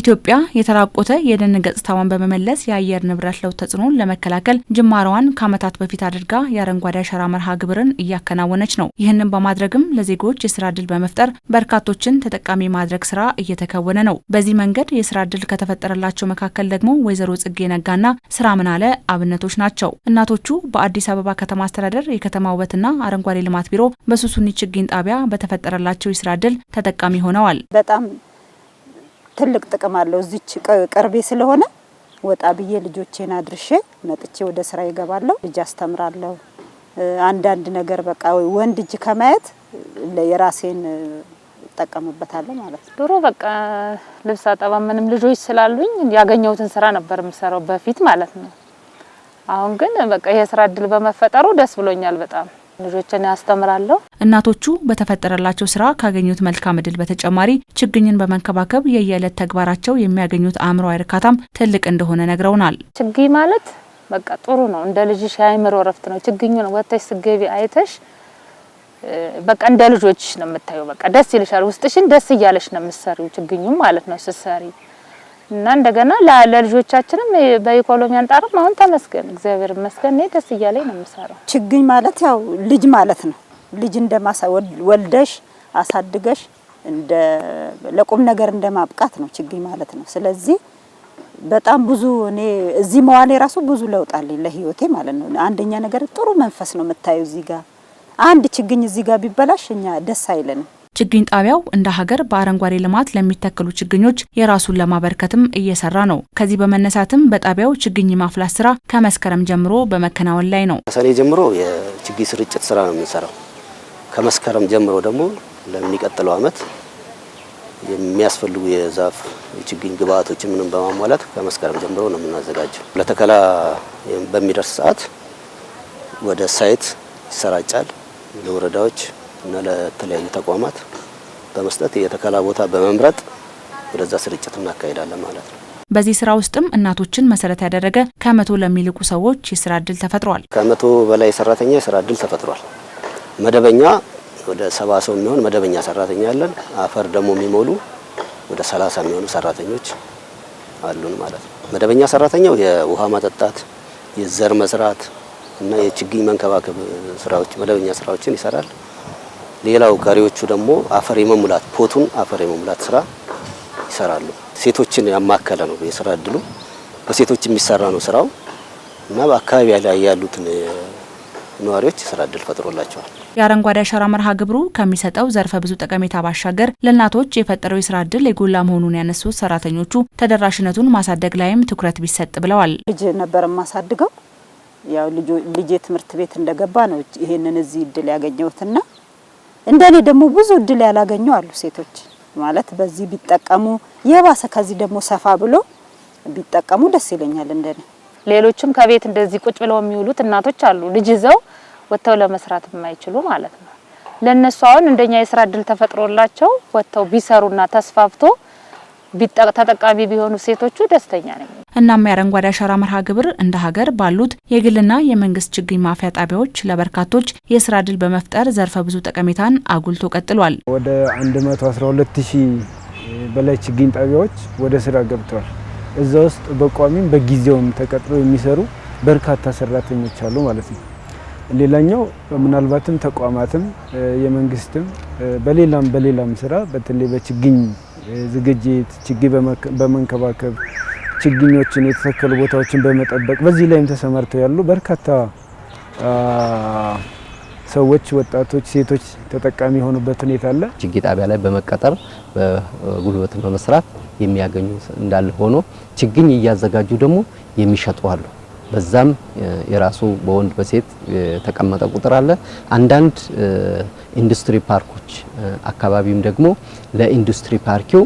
ኢትዮጵያ የተራቆተ የደን ገጽታዋን በመመለስ የአየር ንብረት ለውጥ ተጽዕኖን ለመከላከል ጅማሯዋን ከዓመታት በፊት አድርጋ የአረንጓዴ አሻራ መርሃ ግብርን እያከናወነች ነው። ይህንን በማድረግም ለዜጎች የስራ ድል በመፍጠር በርካቶችን ተጠቃሚ ማድረግ ስራ እየተከወነ ነው። በዚህ መንገድ የስራ እድል ከተፈጠረላቸው መካከል ደግሞ ወይዘሮ ጽጌ ነጋና ስራ ምናለ አብነቶች ናቸው። እናቶቹ በአዲስ አበባ ከተማ አስተዳደር የከተማ ውበትና አረንጓዴ ልማት ቢሮ በሱሱኒ ችግኝ ጣቢያ በተፈጠረላቸው የስራ እድል ተጠቃሚ ሆነዋል። በጣም ትልቅ ጥቅም አለው። እዚች ቅርቤ ስለሆነ ወጣ ብዬ ልጆቼን አድርሼ መጥቼ ወደ ስራ ይገባለሁ። ልጅ አስተምራለሁ። አንዳንድ ነገር በቃ ወንድ እጅ ከማየት የራሴን እጠቀምበታለሁ ማለት ነው። ድሮ በቃ ልብስ አጠባ ምንም ልጆች ስላሉኝ ያገኘሁትን ስራ ነበር የምሰራው በፊት ማለት ነው። አሁን ግን በቃ ይሄ ስራ እድል በመፈጠሩ ደስ ብሎኛል በጣም ልጆችን ያስተምራለሁ። እናቶቹ በተፈጠረላቸው ስራ ካገኙት መልካም እድል በተጨማሪ ችግኝን በመንከባከብ የየዕለት ተግባራቸው የሚያገኙት አእምሯዊ እርካታም ትልቅ እንደሆነ ነግረውናል። ችግኝ ማለት በቃ ጥሩ ነው። እንደ ልጅሽ የአእምሮ እረፍት ነው። ችግኙ ነው ወጥተሽ ስገቢ አይተሽ በቃ እንደ ልጆችሽ ነው የምታዩ። በቃ ደስ ይልሻል። ውስጥሽን ደስ እያለሽ ነው የምትሰሪው። ችግኙም ማለት ነው ስትሰሪ እና እንደገና ለልጆቻችንም በኢኮኖሚ አንጣርም አሁን ተመስገን እግዚአብሔር ይመስገን እኔ ደስ እያለኝ ነው የምሰራው። ችግኝ ማለት ያው ልጅ ማለት ነው። ልጅ እንደማሳ ወልደሽ አሳድገሽ እንደ ለቁም ነገር እንደማብቃት ነው ችግኝ ማለት ነው። ስለዚህ በጣም ብዙ እኔ እዚህ መዋሌ ራሱ ብዙ ለውጥ አለኝ ለህይወቴ ማለት ነው። አንደኛ ነገር ጥሩ መንፈስ ነው የምታየው እዚህ ጋር አንድ ችግኝ እዚህ ጋር ቢበላሽ እኛ ደስ አይለንም። ችግኝ ጣቢያው እንደ ሀገር በአረንጓዴ ልማት ለሚተከሉ ችግኞች የራሱን ለማበርከትም እየሰራ ነው። ከዚህ በመነሳትም በጣቢያው ችግኝ ማፍላት ስራ ከመስከረም ጀምሮ በመከናወን ላይ ነው። ከሰኔ ጀምሮ የችግኝ ስርጭት ስራ ነው የምንሰራው። ከመስከረም ጀምሮ ደግሞ ለሚቀጥለው አመት የሚያስፈልጉ የዛፍ የችግኝ ግብአቶች ምንም በማሟላት ከመስከረም ጀምሮ ነው የምናዘጋጀው። ለተከላ በሚደርስ ሰዓት ወደ ሳይት ይሰራጫል ለወረዳዎች እና ለተለያዩ ተቋማት በመስጠት የተከላ ቦታ በመምረጥ ወደዛ ስርጭት እናካሄዳለን ማለት ነው። በዚህ ስራ ውስጥም እናቶችን መሰረት ያደረገ ከመቶ ለሚልቁ ሰዎች የስራ እድል ተፈጥሯል። ከመቶ በላይ ሰራተኛ የስራ እድል ተፈጥሯል። መደበኛ ወደ ሰባ ሰው የሚሆን መደበኛ ሰራተኛ አለን። አፈር ደግሞ የሚሞሉ ወደ ሰላሳ የሚሆኑ ሰራተኞች አሉን ማለት ነው። መደበኛ ሰራተኛው የውሃ ማጠጣት፣ የዘር መስራት እና የችግኝ መንከባከብ ስራዎች መደበኛ ስራዎችን ይሰራል። ሌላው ጋሪዎቹ ደግሞ አፈር የመሙላት ፖቱን አፈር የመሙላት ስራ ይሰራሉ። ሴቶችን ያማከለ ነው የስራ እድሉ፣ በሴቶች የሚሰራ ነው ስራው እና በአካባቢ ላይ ያሉትን ነዋሪዎች የስራ እድል ፈጥሮላቸዋል። የአረንጓዴ አሻራ መርሃ ግብሩ ከሚሰጠው ዘርፈ ብዙ ጠቀሜታ ባሻገር ለእናቶች የፈጠረው የስራ እድል የጎላ መሆኑን ያነሱት ሰራተኞቹ ተደራሽነቱን ማሳደግ ላይም ትኩረት ቢሰጥ ብለዋል። ልጅ ነበር ማሳድገው ያው ልጄ ትምህርት ቤት እንደገባ ነው ይሄንን እዚህ እድል ያገኘሁትና እንደኔ ደግሞ ብዙ እድል ያላገኙ አሉ ሴቶች ማለት በዚህ ቢጠቀሙ የባሰ ከዚህ ደግሞ ሰፋ ብሎ ቢጠቀሙ ደስ ይለኛል እንደኔ። ሌሎችም ከቤት እንደዚህ ቁጭ ብለው የሚውሉት እናቶች አሉ ልጅ ይዘው ወጥተው ለመስራት የማይችሉ ማለት ነው። ለእነሱ አሁን እንደኛ የስራ እድል ተፈጥሮላቸው ወጥተው ቢሰሩና ተስፋፍቶ ተጠቃሚ ቢሆኑ ሴቶቹ ደስተኛ ነኝ። እናም የአረንጓዴ አሻራ መርሃ ግብር እንደ ሀገር ባሉት የግልና የመንግስት ችግኝ ማፍያ ጣቢያዎች ለበርካቶች የስራ እድል በመፍጠር ዘርፈ ብዙ ጠቀሜታን አጉልቶ ቀጥሏል። ወደ 112 ሺህ በላይ ችግኝ ጣቢያዎች ወደ ስራ ገብተዋል። እዛ ውስጥ በቋሚም በጊዜውም ተቀጥሮ የሚሰሩ በርካታ ሰራተኞች አሉ ማለት ነው። ሌላኛው ምናልባትም ተቋማትም የመንግስትም በሌላም በሌላም ስራ በተለይ በችግኝ ዝግጅት ችግኝ በመንከባከብ ችግኞችን የተተከሉ ቦታዎችን በመጠበቅ በዚህ ላይም ተሰማርተው ያሉ በርካታ ሰዎች፣ ወጣቶች፣ ሴቶች ተጠቃሚ የሆኑበት ሁኔታ አለ። ችግኝ ጣቢያ ላይ በመቀጠር በጉልበት በመስራት የሚያገኙ እንዳለ ሆኖ ችግኝ እያዘጋጁ ደግሞ የሚሸጡ አሉ። በዛም የራሱ በወንድ በሴት የተቀመጠ ቁጥር አለ። አንዳንድ ኢንዱስትሪ ፓርኮች አካባቢም ደግሞ ለኢንዱስትሪ ፓርኪው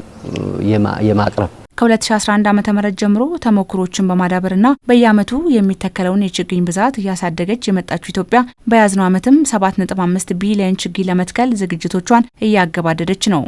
የማቅረብ ከ2011 ም ጀምሮ ተሞክሮችን በማዳበርና በየአመቱ የሚተከለውን የችግኝ ብዛት እያሳደገች የመጣችው ኢትዮጵያ በያዝነው ዓመትም 7.5 ቢሊዮን ችግኝ ለመትከል ዝግጅቶቿን እያገባደደች ነው።